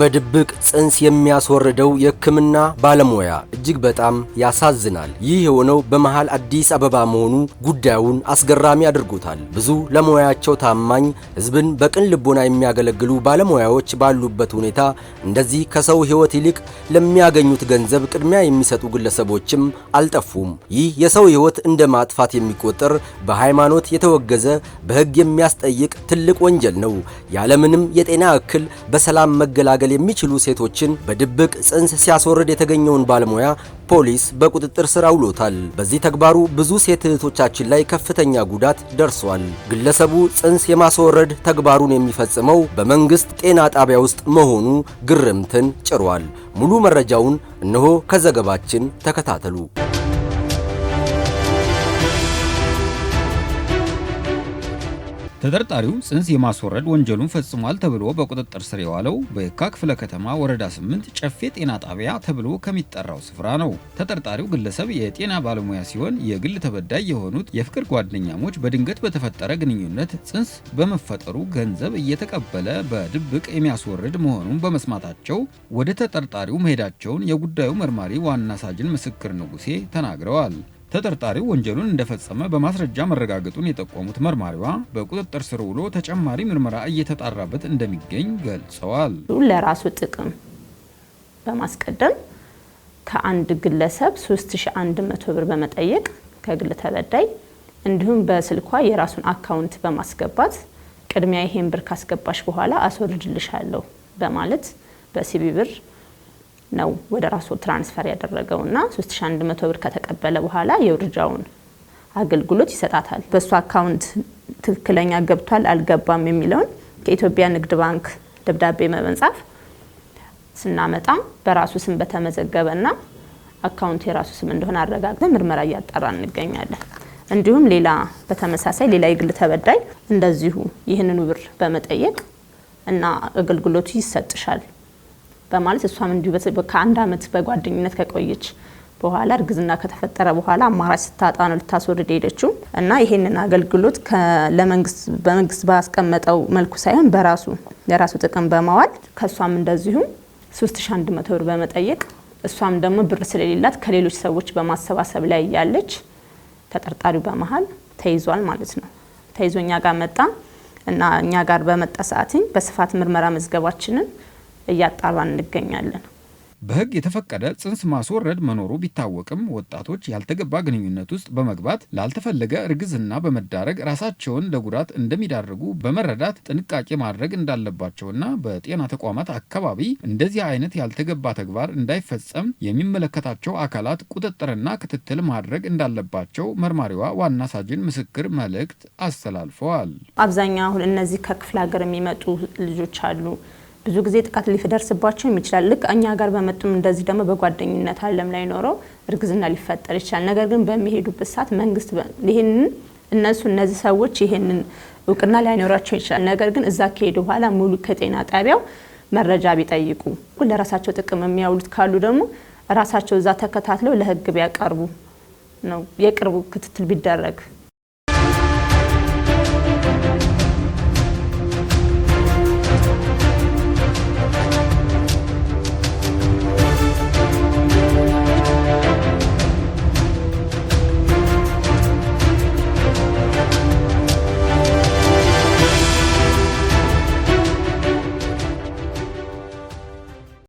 በድብቅ ጽንስ የሚያስወርደው የሕክምና ባለሙያ እጅግ በጣም ያሳዝናል። ይህ የሆነው በመሃል አዲስ አበባ መሆኑ ጉዳዩን አስገራሚ አድርጎታል። ብዙ ለሙያቸው ታማኝ ሕዝብን በቅን ልቦና የሚያገለግሉ ባለሙያዎች ባሉበት ሁኔታ እንደዚህ ከሰው ሕይወት ይልቅ ለሚያገኙት ገንዘብ ቅድሚያ የሚሰጡ ግለሰቦችም አልጠፉም። ይህ የሰው ሕይወት እንደ ማጥፋት የሚቆጠር በሃይማኖት የተወገዘ በሕግ የሚያስጠይቅ ትልቅ ወንጀል ነው። ያለምንም የጤና እክል በሰላም መገላገል መገደል የሚችሉ ሴቶችን በድብቅ ጽንስ ሲያስወርድ የተገኘውን ባለሙያ ፖሊስ በቁጥጥር ስር አውሎታል። በዚህ ተግባሩ ብዙ ሴት እህቶቻችን ላይ ከፍተኛ ጉዳት ደርሷል። ግለሰቡ ጽንስ የማስወረድ ተግባሩን የሚፈጽመው በመንግስት ጤና ጣቢያ ውስጥ መሆኑ ግርምትን ጭሯል። ሙሉ መረጃውን እነሆ ከዘገባችን ተከታተሉ። ተጠርጣሪው ጽንስ የማስወረድ ወንጀሉን ፈጽሟል ተብሎ በቁጥጥር ስር የዋለው በየካ ክፍለ ከተማ ወረዳ 8 ጨፌ ጤና ጣቢያ ተብሎ ከሚጠራው ስፍራ ነው። ተጠርጣሪው ግለሰብ የጤና ባለሙያ ሲሆን የግል ተበዳይ የሆኑት የፍቅር ጓደኛሞች በድንገት በተፈጠረ ግንኙነት ጽንስ በመፈጠሩ ገንዘብ እየተቀበለ በድብቅ የሚያስወርድ መሆኑን በመስማታቸው ወደ ተጠርጣሪው መሄዳቸውን የጉዳዩ መርማሪ ዋና ሳጅን ምስክር ንጉሴ ተናግረዋል። ተጠርጣሪው ወንጀሉን እንደፈጸመ በማስረጃ መረጋገጡን የጠቆሙት መርማሪዋ በቁጥጥር ስር ውሎ ተጨማሪ ምርመራ እየተጣራበት እንደሚገኝ ገልጸዋል። ለራሱ ጥቅም በማስቀደም ከአንድ ግለሰብ 3100 ብር በመጠየቅ ከግል ተበዳይ እንዲሁም በስልኳ የራሱን አካውንት በማስገባት ቅድሚያ ይሄን ብር ካስገባሽ በኋላ አስወርድልሻለሁ በማለት በሲቢ ብር ነው ወደ ራሱ ትራንስፈር ያደረገው እና 3100 ብር ከተቀበለ በኋላ የውርጃውን አገልግሎት ይሰጣታል። በእሱ አካውንት ትክክለኛ ገብቷል አልገባም የሚለውን ከኢትዮጵያ ንግድ ባንክ ደብዳቤ በመጻፍ ስናመጣም በራሱ ስም በተመዘገበና አካውንቱ የራሱ ስም እንደሆነ አረጋግጠን ምርመራ እያጣራ እንገኛለን። እንዲሁም ሌላ በተመሳሳይ ሌላ የግል ተበዳይ እንደዚሁ ይህንኑ ብር በመጠየቅ እና አገልግሎቱ ይሰጥሻል በማለት እሷም እንዲሁ ከአንድ ዓመት በጓደኝነት ከቆየች በኋላ እርግዝና ከተፈጠረ በኋላ አማራጭ ስታጣ ነው ልታስወርድ ሄደችው እና ይሄንን አገልግሎት በመንግስት ባስቀመጠው መልኩ ሳይሆን በራሱ የራሱ ጥቅም በማዋል ከእሷም እንደዚሁም 3100 ብር በመጠየቅ እሷም ደግሞ ብር ስለሌላት ከሌሎች ሰዎች በማሰባሰብ ላይ ያለች ተጠርጣሪው በመሀል ተይዟል ማለት ነው። ተይዞ እኛ ጋር መጣ እና እኛ ጋር በመጣ ሰዓትኝ በስፋት ምርመራ መዝገባችንን እያጣራን እንገኛለን። በህግ የተፈቀደ ጽንስ ማስወረድ መኖሩ ቢታወቅም ወጣቶች ያልተገባ ግንኙነት ውስጥ በመግባት ላልተፈለገ እርግዝና በመዳረግ ራሳቸውን ለጉዳት እንደሚዳርጉ በመረዳት ጥንቃቄ ማድረግ እንዳለባቸውና በጤና ተቋማት አካባቢ እንደዚህ አይነት ያልተገባ ተግባር እንዳይፈጸም የሚመለከታቸው አካላት ቁጥጥርና ክትትል ማድረግ እንዳለባቸው መርማሪዋ ዋና ሳጅን ምስክር መልእክት አስተላልፈዋል። አብዛኛው አሁን እነዚህ ከክፍለ ሀገር የሚመጡ ልጆች አሉ ብዙ ጊዜ ጥቃት ሊደርስባቸው ይችላል። ልክ እኛ ጋር በመጡም እንደዚህ ደግሞ በጓደኝነት አለም ላይ ኖረው እርግዝና ሊፈጠር ይችላል። ነገር ግን በሚሄዱበት ሰዓት መንግስት ይህንን እነሱ እነዚህ ሰዎች ይህንን እውቅና ላይኖራቸው ይችላል። ነገር ግን እዛ ከሄዱ በኋላ ሙሉ ከጤና ጣቢያው መረጃ ቢጠይቁ ለራሳቸው ጥቅም የሚያውሉት ካሉ ደግሞ ራሳቸው እዛ ተከታትለው ለህግ ቢያቀርቡ ነው የቅርቡ ክትትል ቢደረግ።